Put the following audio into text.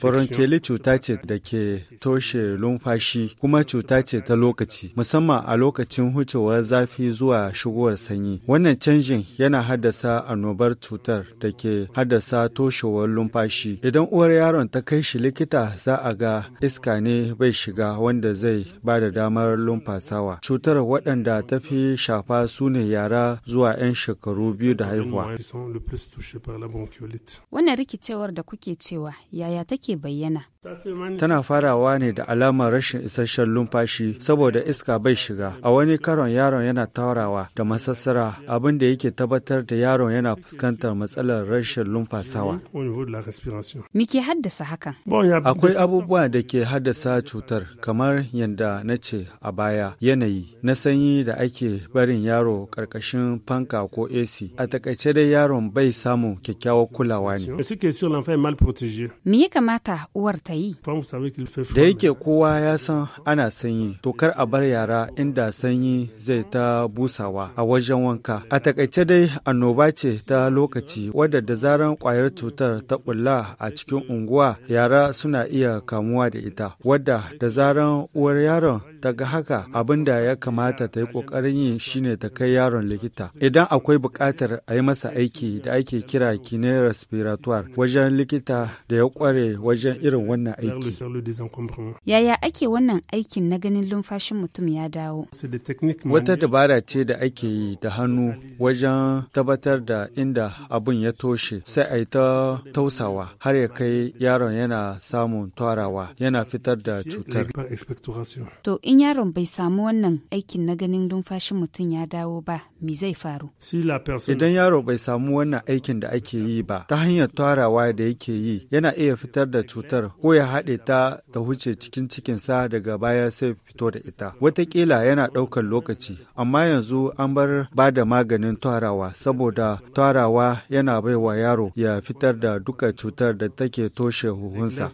Bronchiolitis cuta ce da ke toshe lumfashi kuma cuta ce ta lokaci, musamman a lokacin hucewar zafi zuwa shigowar sanyi. Wannan canjin yana haddasa annobar cutar da ke haddasa toshewar lumfashi. Idan uwar yaron ta kai shi likita za a ga iska ne bai shiga wanda zai ba da damar lumfasawa. Cutar waɗanda ta fi shafa su ne yara zuwa 'yan shekaru biyu da haihuwa. Wannan rikicewar da kuke cewa yaya take bayyana. Tana farawa ne da alamar rashin isasshen lumfashi saboda iska bai shiga. A wani karon yaron yana taurawa da masassara abin da yake tabbatar da yaron yana fuskantar matsalar rashin lumfasawa. Miki haddasa hakan? Akwai abubuwa da ke haddasa cutar kamar yadda na ce a baya yanayi na sanyi da ake barin yaro karkashin fanka ko AC. A takaice dai yaron bai samu kyakkyawar kulawa ne. Me ya kamata uwar ta yi? Da yake kowa ya san ana sanyi, to kar a bar yara inda sanyi zai ta busawa a wajen wanka. A takaice dai annoba ce ta lokaci wadda da zaran kwayar cutar ta bulla a cikin unguwa yara suna iya kamuwa da ita, wadda da zaran uwar yaron ta ga haka abin da ya kamata ta yi kokarin yi shine ta kai yaron likita. Idan akwai bukatar a yi masa aiki da ake kira kine respiratoire wajen likita da ya kware wajen irin wannan aiki. Yaya ake wannan aikin na ganin lumfashin mutum ya dawo? Wata dabara ce da ake yi da hannu wajen tabbatar da inda abun ya toshe sai a yi ta tausawa har ya kai yaron yana samun twarawa yana fitar da cutar. To in yaron bai samu wannan aikin na ganin lumfashin mutum ya dawo ba, me zai faru? Idan yaro bai samu wannan aikin da ake yi ba ta hanyar twarawa da yake yi yana iya fitar da cutar ko ya haɗe ta ta huce cikin cikinsa daga baya sai fito da ita. Wataƙila yana ɗaukar lokaci, amma yanzu an bar ba da maganin tarawa saboda tarawa yana baiwa yaro ya fitar da duka cutar da take toshe huhunsa.